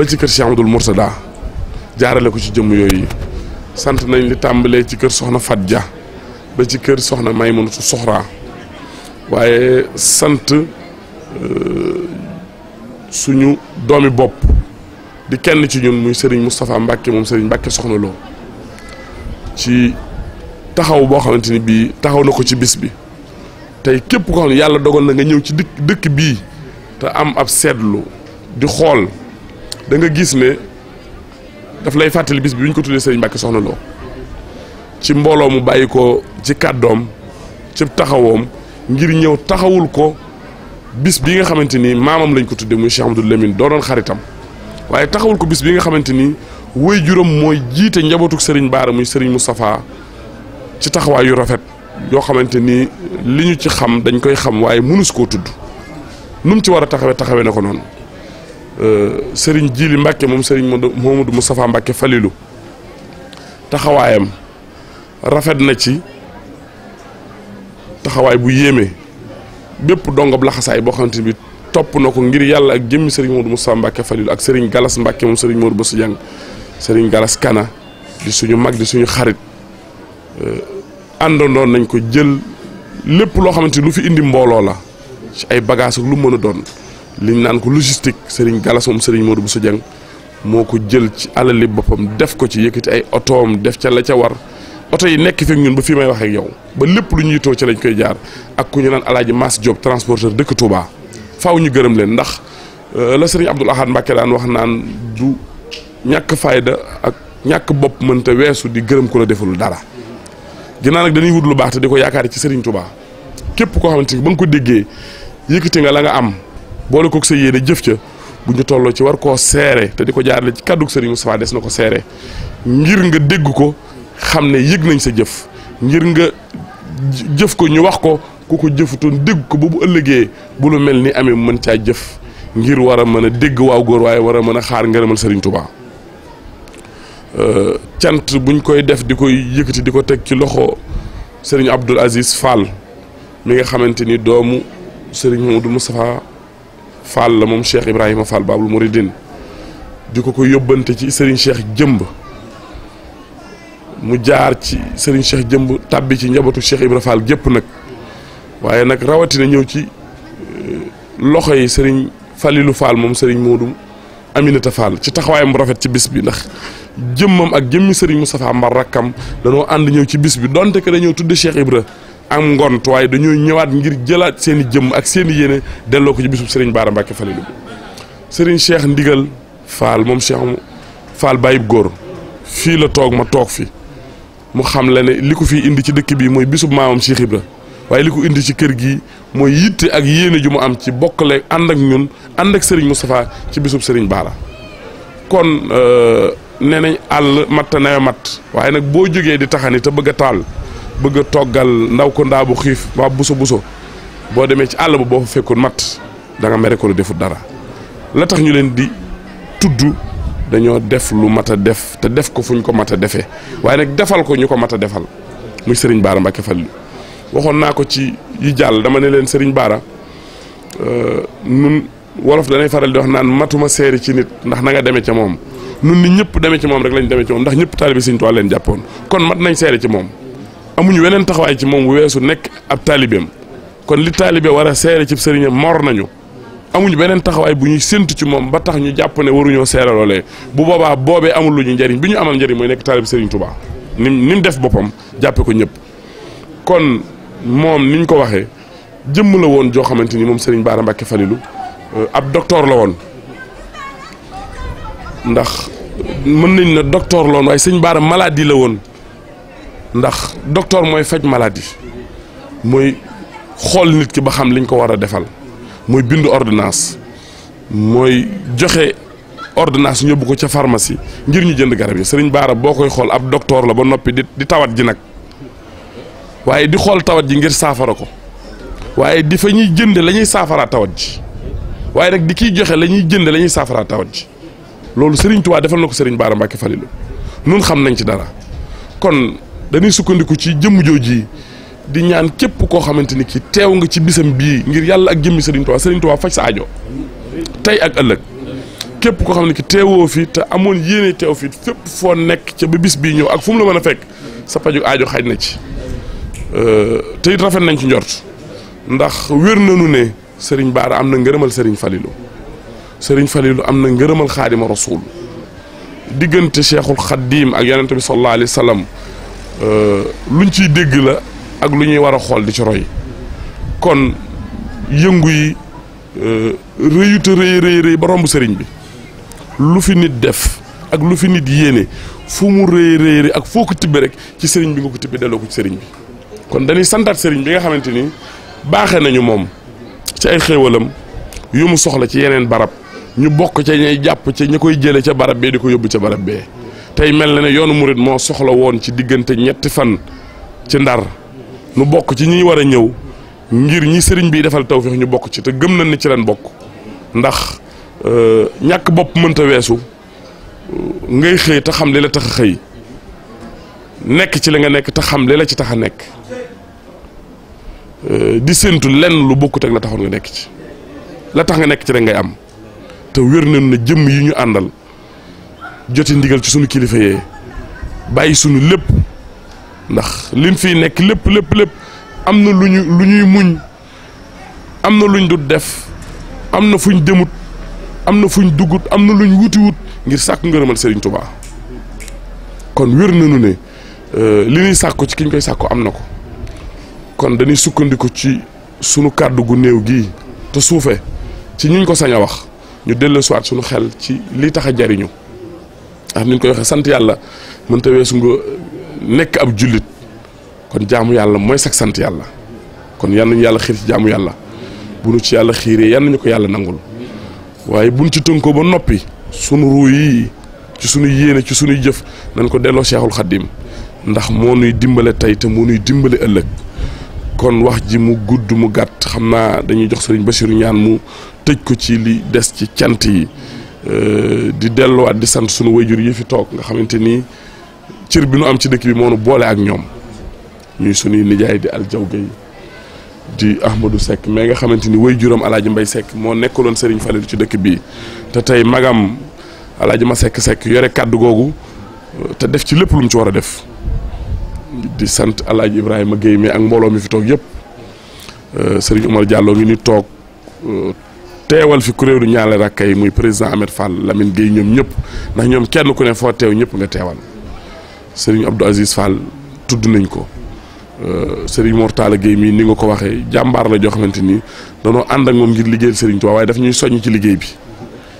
ba ci kër Cheikh Amadou Mourtada jaarale ko ci jëmm yooyu sant nañ li tàmbalee ci kër Soxna Fat ja ba ci kër Soxna may Maymunatu Soxra waaye sant euh, suñu doomi bopp di kenn ci ñun muy Serigne Moustapha Mbacke moom sëriñ Mbacke Soxna loo ci taxaw boo xamante ni bii taxaw na ko ci bis bi tey képp ko xam yàlla dogal na nga ñëw ci dëkk dëkk bii te am ab seetlu di xool. da nga gis ne daf lay fàttali bis bi ñu ko tuddee sëñ Mbàkke soxna loo ci mbooloo mu bàyyi ko ci kàddoom ci taxawoom ngir ñëw taxawul ko bis bi nga xamante ni maamam lañ ko tuddee muy Cheikh Amadou Lamine doonoon xaritam waaye taxawul ko bis bi nga xamante ni woy juróom mooy jiite njabootuk Serigne Baara muy Serigne Moustapha ci taxawaay yu rafet yoo xamante ni li ñu ci xam dañ koy xam waaye mënus koo tudd nu mu ci war a taxawee taxawee ne ko noonu. Euh, sëriñ Jili Mbacke moom sëriñ Mouhamadou Moustapha Mbacke Falilou taxawaayam rafet na ci taxawaay bu yéeme bépp dongob laxasaay boo xamante bi topp na ko ngir yàlla ak jëmmi sëriñ Modou Moussa Mbacke Falilou ak sëriñ Galas Mbacke moom sëriñ Modou Boussa Dieng sëriñ Galas Kana di suñu mag di suñu xarit euh, àndandoon nañ ko jël lépp loo xamante lu fi indi mbooloo la ci ay bagages ak lu mën a doon. liñ naan ko logistique Serigne Gallas moom Serigne Modou Bousso Dieng moo ko jël ci alali boppam def ko ci yëkkati ay otoom def ca la ca war oto yi nekk fekk ñun ba fii may wax yow ba lépp lu ñuy too ci lañ koy jaar ak ku ñu naan alaaji Mass Diop transporteur dëkk tubaa faw ñu gërëm leen ndax euh, la Serigne Abdoul Ahad Mbacké daan wax naan du ñàkk fayda ak ñàkk bopp mën te weesu di gërëm ko la deful dara ginnaaw nag dañuy wut lu baax te di ko yaakaar ci Serigne tubaa képp koo xamante ni ba ko déggee yëkkati nga la nga am. boole kook sa yéene jëf ca bu ñu tolloo ci war koo seere te di ko jaarale ci kàddug Serigne Moustapha des na ko seere ngir nga dégg ko xam ne yëg nañ sa jëf ngir nga jëf ko ñu wax ko ku ko jëfutoon dégg ko ba bu ëllëgee bu lu mel ni amee mën caa jëf ngir war a mën a dégg waaw góor waaye war a mën a xaar ngërëmal Serigne Touba euh, cant buñ koy def di koy yëkkati di ko teg ci loxo Serigne Abdoul Aziz Fall mi nga xamante ni doomu Serigne Mamadou Moustapha Fall la moom Cheikh Ibrahima Fall Babul Mouridine di ko ko yóbbante ci Serigne Cheikh Jëmb mu jaar ci sëriñ Cheikh Jëmb tàbbi ci njabootu Cheikh Ibrahima Fall gépp nag waaye nag rawatina ñëw ci euh, loxo yi sëriñ Falilou Fall moom sëriñ Serigne Modou Aminata Fall ci taxawaay taxawaayam rafet ci bis bi ndax jëmmam ak jëmm sëriñ mu Moustapha Mbar rakkam danoo ànd ñëw ci bis bi donte que dañoo tudde Cheikh Ibrahima. am ngont waaye dañoo ñëwaat ngir jëlaat seen i jëmm ak seen i yéene delloo ko ci bisub Serigne Bara Mbacke Falilou sëriñ Cheikh Ndigal Fall moom Cheikh Fall Bayib Góor fii la toog ma toog fi mu xam la ne li ko fi indi ci dëkk bi mooy bisub maamam Cheikh Ibra waaye li ko indi ci kër gi mooy yitte ak yéene ju mu am ci bokk bokkale ànd ak ñun ànd ak sëriñ Moustapha ci bisub sëriñ Bara kon euh, nee nañ àll matt nawe matt waaye nag boo jógee di taxani te bëgg a taal. bëgg a toggal ndaw ko ndaa bu xiif waa buso buso boo demee ci àll ba boo fa fekkoon mat danga nga mere deful dara la tax ñu leen di tudd dañoo def lu mat a def te def ko fu ñu ko mat a defee waaye nag defal ko ñu ko mat a defal muy Serigne Bara Mbacké Fall waxoon naa ko ci yi jàll dama ne leen Serigne Bara euh, nun wolof danay faral di wax naan matuma seeri ci nit ndax na nga demee ca moom nun ni ñëpp demee ci moom rek lañ demee ci moom ndax ñëpp taalibi Serigne a leen jàppoon kon mat nañ seeri ci moom. amuñu weneen taxawaay ci moom weesu nekk ab taalibeem kon li taalibe war a seere ci sëriñam mor nañu amuñu beneen taxawaay bu ñuy séntu ci moom ba tax ñu jàpp ne waruñoo seere loolee bu boobaa boobee amul lu ñu njariñ bi ñu amal njariñ mooy nekk taalib sëriñ Touba nim ni mu def boppam jàppe ko ñëpp kon moom niñ ko waxee jëmm la woon joo xamante ni moom sëriñ Baara Mbàkke Falilu euh, ab docteur la woon ndax mën nañ ne docteur la woon waaye sëñ Baara maladie la woon ndax docteur mooy faj maladie mooy xool nit ki ba xam liñ ko war a defal mooy bind ordonnance mooy joxe ordonnance ñu yóbbu ko ca pharmacie ngir ñu jënd garab yi sëriñ Baara boo koy xool ab docteur la ba noppi di di tawat ji nag waaye di xool tawat ji ngir saafara ko waaye di fa ñuy jënde lañuy saafara tawat ji waaye nag di kiy joxe la ñuy jënd la ñuy saafaraa tawat ji loolu sëriñ Tuubaa defal na ko sëriñ Baara Mbàkke Falilu nun xam nañ ci dara kon. dañuy sukkandiku ci jëmm jooji di ñaan képp koo xamante ni ki teew nga ci bisam bii ngir yàlla ak jëmmi Serigne Touba Serigne Touba faj sa aajo tey ak ëllëg képp koo xam ne ki teewoo fi te amoon yéene teew fi fépp foo nekk ca ba bis bii ñëw ak fu la mën a fekk sa paju aajo xaj na ci te it rafet nañ ci njort ndax wér nañu ne sëriñ Bara am na ngërëmal Serigne Falilou sëriñ Falilou am na ngërëmal Xaadima Rasul diggante Cheikhul Xaddim ak yonente bi sallallahu alayhi lu euh, luñ ciy dégg la ak lu ñuy war a xool di ci roy kon yëngu yi euh, rëyuta rëy rëy rëy ba romb sëriñ bi lu fi nit def ak lu fi nit yéene fu mu rëy rëy ak foo ko tibbe rek ci sëriñ bi nga ko tibbe delloo ko ci sëriñ bi kon dañuy santaat sëriñ bi nga xamante ni baaxe nañu moom ci ay xéewalam yu mu soxla ci yeneen barab ñu bokk ca ñay jàpp ca ña koy jële ca barab bee di ko yóbbu ca barab bee tey mel na ne yoonu murit moo soxla woon ci diggante ñetti fan ci ndar nu bokk ci ñi war a ñëw ngir ñi sëriñ bi defal tawfeex ñu bokk ci te gëm nañ ni ci leen bokk ndax euh, ñàkk bopp mënta weesu euh, ngay xëy te xam li la tax xëy nekk ci li nga nekk te xam li la ci tax a nekk euh, di séntu lenn lu bokkut ak la taxoon nga nekk ci la tax nga nekk ci rek ngay am te wér nañ na jëmm yi ñu àndal joti ndigal ci sunu kilifa yee bàyyi sunu lépp ndax lim fii nekk lépp lépp lépp am na lu ñu lu ñuy muñ am na luñ dut def am na fuñ demut am na fuñ duggut am na lu ñu wutiwut ngir sàkku ngërëmal Serigne Touba kon wér nañu ne euh, li ñuy sàkku ci ki ñu koy sàkku am na ko kon dañuy sukkandiku ci sunu kàddu gu néew gii te suufe ci ñuñ ko sañ a wax ñu dellu siwaat sunu xel ci li tax a jariñu xam ni ñu koy waxee sant yàlla mën ta weesu nekk ab jullit kon jaamu yàlla mooy sax sant yàlla kon yal yàlla xiir ci jaamu yàlla bu nu ci yàlla xiiree yal nañu ko yàlla nangul waaye buñ ci tënkoo ba noppi sunu ruu yi ci sunu yéene ci sunuy jëf nañ ko delloo Seexul Xaddim ndax moo nuy dimbale tey te moo nuy dimbale ëllëg kon wax ji mu gudd mu gàtt xam naa dañuy jox sëriñ Basiru ñaan mu tëj ko ci li des ci cant yi Euh, di delluwaat di sant sunu wayjur yi fi toog nga xamante ni cir bi nu am ci dëkk bi moo nu boole ak ñoom ñuy sunuy nijaay di aljaw gay di Ahmadou sekk mais nga xamante ni wayjuram El Hadj Mbaye Seck moo nekkaloon Serigne Fallou ci dëkk bi te tey magam El ma Seck sekk yore kàddu googu te def ci lépp lu ci war a def di sant El Hadj Ibrahima géey mais ak mbooloo mi fi toog yëpp euh, Serigne Omar Diallo ngi ni toog. Euh, teewal fi kuréelu ñaale ak yi muy président Ahmed Fall Lamine Gueye ñoom ñëpp ndax ñoom kenn ku ne foo teew ñëpp nga teewal Serigne Abdou Aziz Fall tudd nañ ko euh, Serigne Mortala Gueye mii ni nga ko waxee jàmbaar la joo xamante ni danoo ànd ak moom ngir liggéeyal Serigne Touba waaye daf ñuy soññ ci liggéey bi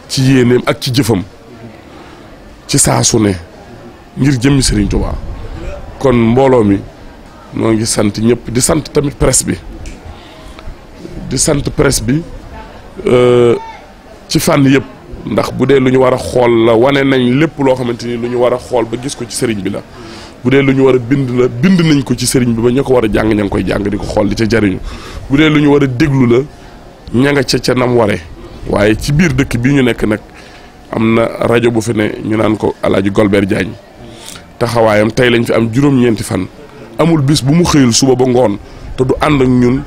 ci yéeneem ak ci jëfam ci saa sune ngir jëmmi Serigne Touba kon mbooloo mi noo ngi sant ñëpp di sant tamit presse bi di sant press bi. ci fànn yëpp ndax bu dee lu ñu war a xool la wane nañ lépp loo xamante ni lu ñu war a xool ba gis ko ci sëriñ bi la bu dee lu ñu war a bind la bind nañ ko ci sëriñ bi ba ñu ko war a jàng ña ngi koy jàng di ko xool di ca jariñu bu dee lu ñu war a déglu la ña nga ca ca nam ware waaye ci biir dëkk bi ñu nekk nag am na rajo bu fi ne ñu naan ko Alaaji Golbert Diagne taxawaayam tey lañ fi am juróom-ñeenti fan amul bis bu mu xëyul suba ba ngoon te du ànd ak ñun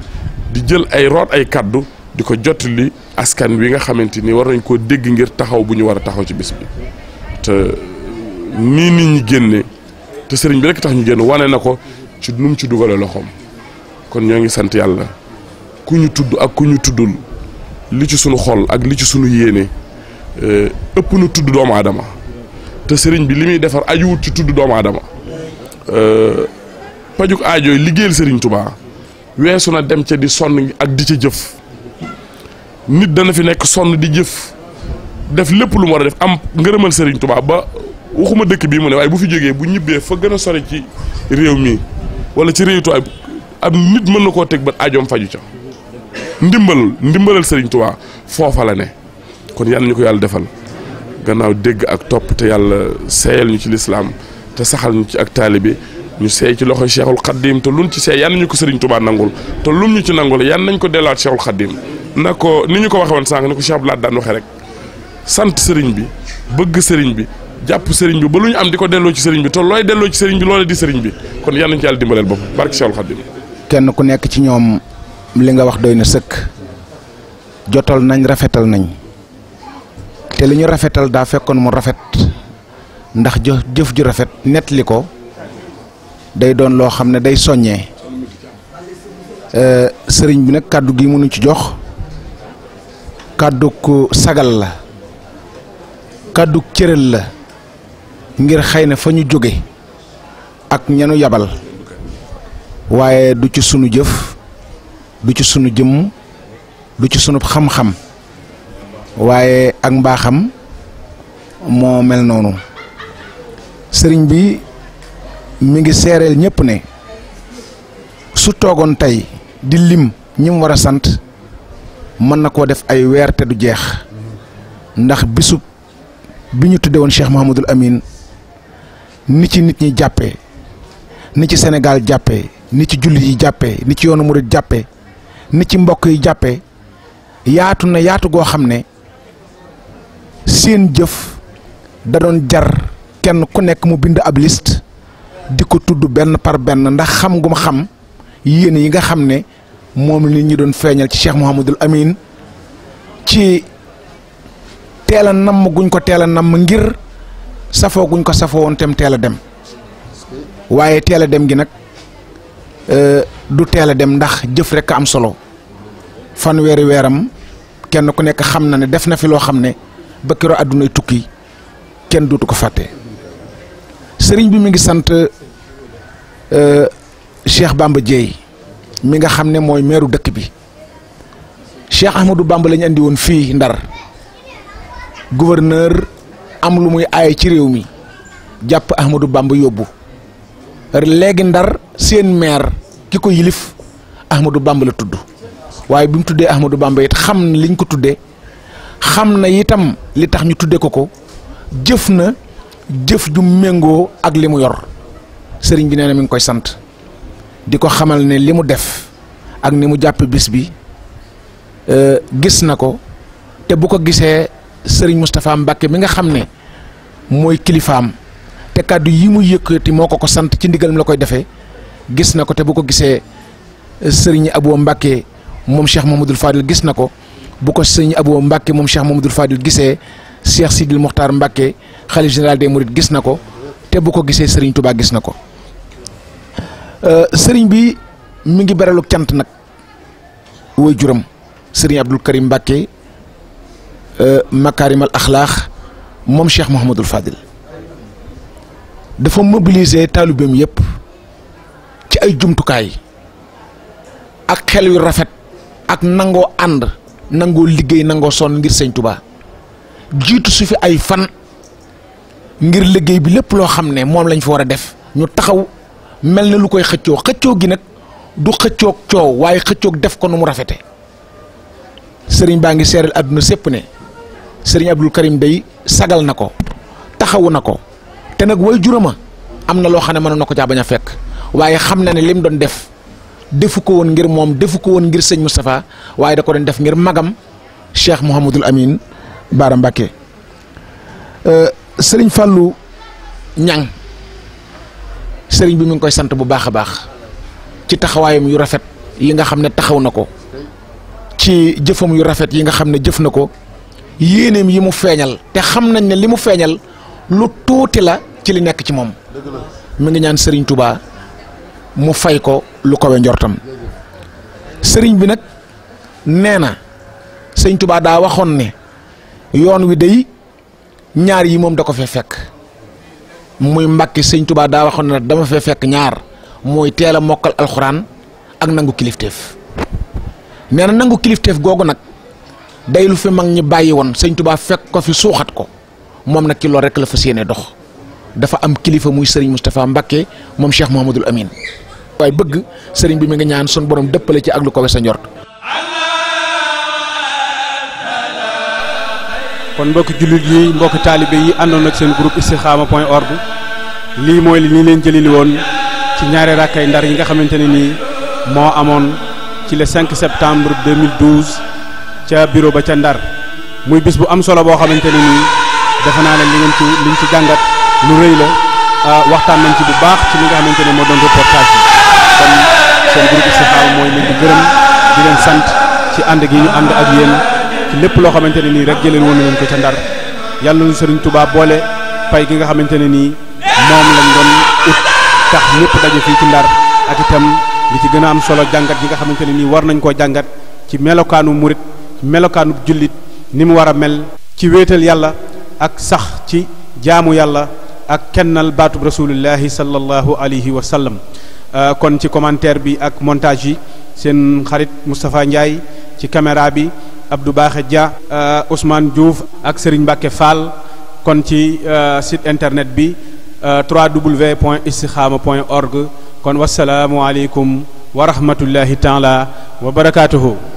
di jël ay root ay kaddu di ko jot li askan wi nga xamante ni war nañ koo dégg ngir taxaw bu ñu war a taxaw ci bis bi te nii nit ñu génne te sëriñ bi rek tax ñu génn wane na ko ci nu ci dugalee loxoom kon ñoo ngi sant yàlla ku ñu tudd ak ku ñu tuddul li ci sunu xol ak li ci sunu yéene e, ëpp nu tudd doomu aadama te sëriñ bi li muy defar ajuwut ci tudd doomu aadama e, pajuk aajo yi liggéeyal sëriñ Tuubaa weesu na dem ca di sonn ak di ci jëf. nit dana fi nekk sonn di jëf def lépp lu mu war a def am ngërëmal Serigne tubaa ba waxuma dëkk bii mu ne waaye bu fi jógee bu ñibbee foo gën a sori ci réew mi wala ci réew Touba am nit mën na koo teg ba ajoom faju ca ndimbal ndimbalal Serigne Touba foofa la ne kon yàlla ñu ko yàlla defal gannaaw dégg ak topp te yàlla seeyal ñu ci lislaam te saxal ñu ci ak taalibe ñu seey ci loxo Cheikhul Khadim te luñ ci seey yan ñu ko Serigne Touba nangul te lum ñu ci nangul yan nañ ko dellaat Cheikhul Khadim na ko ni ñu ko waxee woon sànq ni ko Cheikh Abdoulaye daan waxee rek sant sëriñ bi bëgg sëriñ bi jàpp sëriñ bi ba lu ñu am di ko delloo ci sëriñ bi te looy delloo ci sëriñ bi loolee di bi kon yal nañu ci yàlla dimbaleel bopp barke Cheikhul kenn ku nekk ci ñoom li nga wax doy na sëkk jotal nañ rafetal nañ te li ñu rafetal daa fekkoon mu rafet ndax jëf ju rafet li ko day doon loo xam ne day soññee euh, sëriñ bi nag kàddu gi mënu ci jox. kàdduk sagal la kàdduk cëral la ngir xëy na fa ñu jóge ak ñanu yabal waaye du ci sunu jëf du ci sunu jëmm du ci sunu xam-xam waaye ak mbaaxam moo mel noonu sëriñ bi mu ngi seereel ñépp ne su toogoon tey di lim ñi mu sant mën na koo def ay weer te du jeex ndax bisub bi ñu tudde woon Cheikh Mouhamadul Amine ni ci nit ñi jàppee ni ci senegal jàppee ni ci jullit yi jàppee ni ci yoonu murit jàppe ni ci mbokk yi jàppe yaatu na yaatu goo xam ne seen jëf da doon jar kenn ku nekk mu bind ab liste di ko tudd benn par benn ndax xam gu ma xam yéen yi nga xam ne moom li ñu doon feeñal ci Cheikh Mouhamadul Amin ci teel a namm guñ ko teel a namm ngir safoo guñ ko safoo woon tam teel a dem waaye teel a dem gi nag euh, du teel a dem ndax jëf rek am solo fanweeri weeram kenn ku nekk xam na ne def na fi loo xam ne ba kiroo àddunay tukki kenn dootu ko fàtte sëriñ bi mi ngi sant euh, Cheikh Bamba Dieye mi nga xam ne mooy meeru dëkk bi Cheikh Ahmadou Bamba la ñu woon fii Ndar gouverneur am lu muy aaye ci réew mi jàpp Ahmadou Bamba yóbbu léegi Ndar seen maire ki ko yilif Ahmadou Bamba la tudd waaye bi mu tuddee Ahmadou Bamba it xam na liñ ko tuddee xam na itam li tax ñu tuddee ko ko jëf na jëf ju méngoo ak li mu yor sëriñ bi nee na mi ngi koy sant. di ko xamal ne li mu def ak ni mu jàpp bis bi euh, gis na ko te bu ko gisee sëriñ Moustapha Mbacke mi nga xam ne mooy kilifaam te kàddu yi mu yëkkati moo ko ko sant ci ndigalam la koy defee gis na ko te bu ko gisee sëriñ Abou Mbacke moom Cheikh Mamadou Fadil gis na ko bu ko sëriñ Abou Mbacke moom Cheikh Mamadou Fadil gisee Cheikh Sidil Mokhtar Mbacke xalif général des Mourides gis na ko te bu ko gisee sëriñ Touba gis na ko. Euh, sëriñ bi mu ngi beralu cant nag woy juram sëriñ Abdul Karim Mbàkke euh, makaarimal axlaax moom Cheikh Mouhamadul Fadil dafa mobiliser taalibeem yëpp ci ay jumtukaay ak xel yu rafet ak nangoo ànd nangoo liggéey nangoo sonn ngir sëñ Tuubaa jiitu su fi ay fan ngir liggéey bi lépp loo xam ne moom lañ fa war a def ñu taxaw mel na lu koy xëccoo xëccoo gi nag du xëccoog coow waaye xëccoog def ko nu mu rafete sëriñ baa ngi seeral àdduna sépp ne sëriñ Abdul Karim day sagal na ko taxawu na ko te nag way jurama am na loo xam ne mënoon na ko caa bañ a fekk waaye xam na ne lim doon def defu ko woon ngir moom defu ko woon ngir sëñ Moustapha waaye da ko doon def ngir magam Cheikh Mouhamadul Amin Baara Mbacke euh, sëriñ Fallou ñaŋ sëriñ bi mi ngi koy sant bu baax a baax ci taxawaayam yu rafet yi nga xam ne taxaw na ko ci jëfam yu rafet yi nga xam ne jëf na ko yéeneem yi mu feeñal te xam nañ ne li mu feeñal lu tuuti la ci li nekk ci moom mi ngi ñaan sëriñ tubaa mu fay ko lu kowe njortam sëriñ bi nag nee na sëriñ Touba daa waxoon ne yoon wi day ñaar yi moom da ko fee fekk muy Mbàkke sëñ tubaa daa waxoon ne dama fee fekk ñaar mooy teel a mokkal alxuraan ak nangu kilifteef nee na nangu kilifteef googu nag day lu fi mag ñi bàyyi woon sëñ Tuubaa fekk ko fi suuxat ko moom nag ci rek la fa yéene dox dafa am kilifa muy sëriñ Moustapha mbakke moom Cheikh Mouhamadul Amin waaye bëgg sëriñ bi mi ngi ñaan sun borom dëppale ci ak lu ko sa njort kon mbokki jullit yi mbokki taalibe yi àndoon ak seen groupe Istikhama point org lii mooy li ñu leen jëlil woon ci ñaari rakkay ndar yi nga xamante ne nii moo amoon ci le 5 septembre 2012 ca bureau ba ca ndar muy bés bu am solo boo xamante ne nii defe naa leen li ngeen ci liñ ci jàngat lu rëy la ah, waxtaan nañ ci bu baax ci li nga xamante ne moo doon reportage bi kon seen groupe Istikhama mooy leen di gërëm di leen sant ci ànd gi ñu ànd ak yéen. lépp loo xamante ne nii rek jëlee woon nañu ko ca ndar yàlla na Serigne tubaab boole pay gi nga xamante ne nii moom lañ doon ut tax ñëpp daje fii ci ndar ak itam li ci gën a am solo jàngat yi nga xamante ne nii war nañ koo jàngat ci melokaanu murit melokaanu jullit ni mu war a mel. ci wéetal yàlla ak sax ci jaamu yàlla ak kennal baatub rasulillahi sallallahu alayhi wa sallam euh, kon ci commentaire bi ak montage yi seen xarit Moustapha Ndiaye ci caméra bi. Abdou Baaxe Dia euh, Ousmane Diouf ak Serigne Mbacke Fall kon ci euh, site internet bi euh, point org kon wasalaamualeykum wa rahmatullahi taala wa barakaatuhu.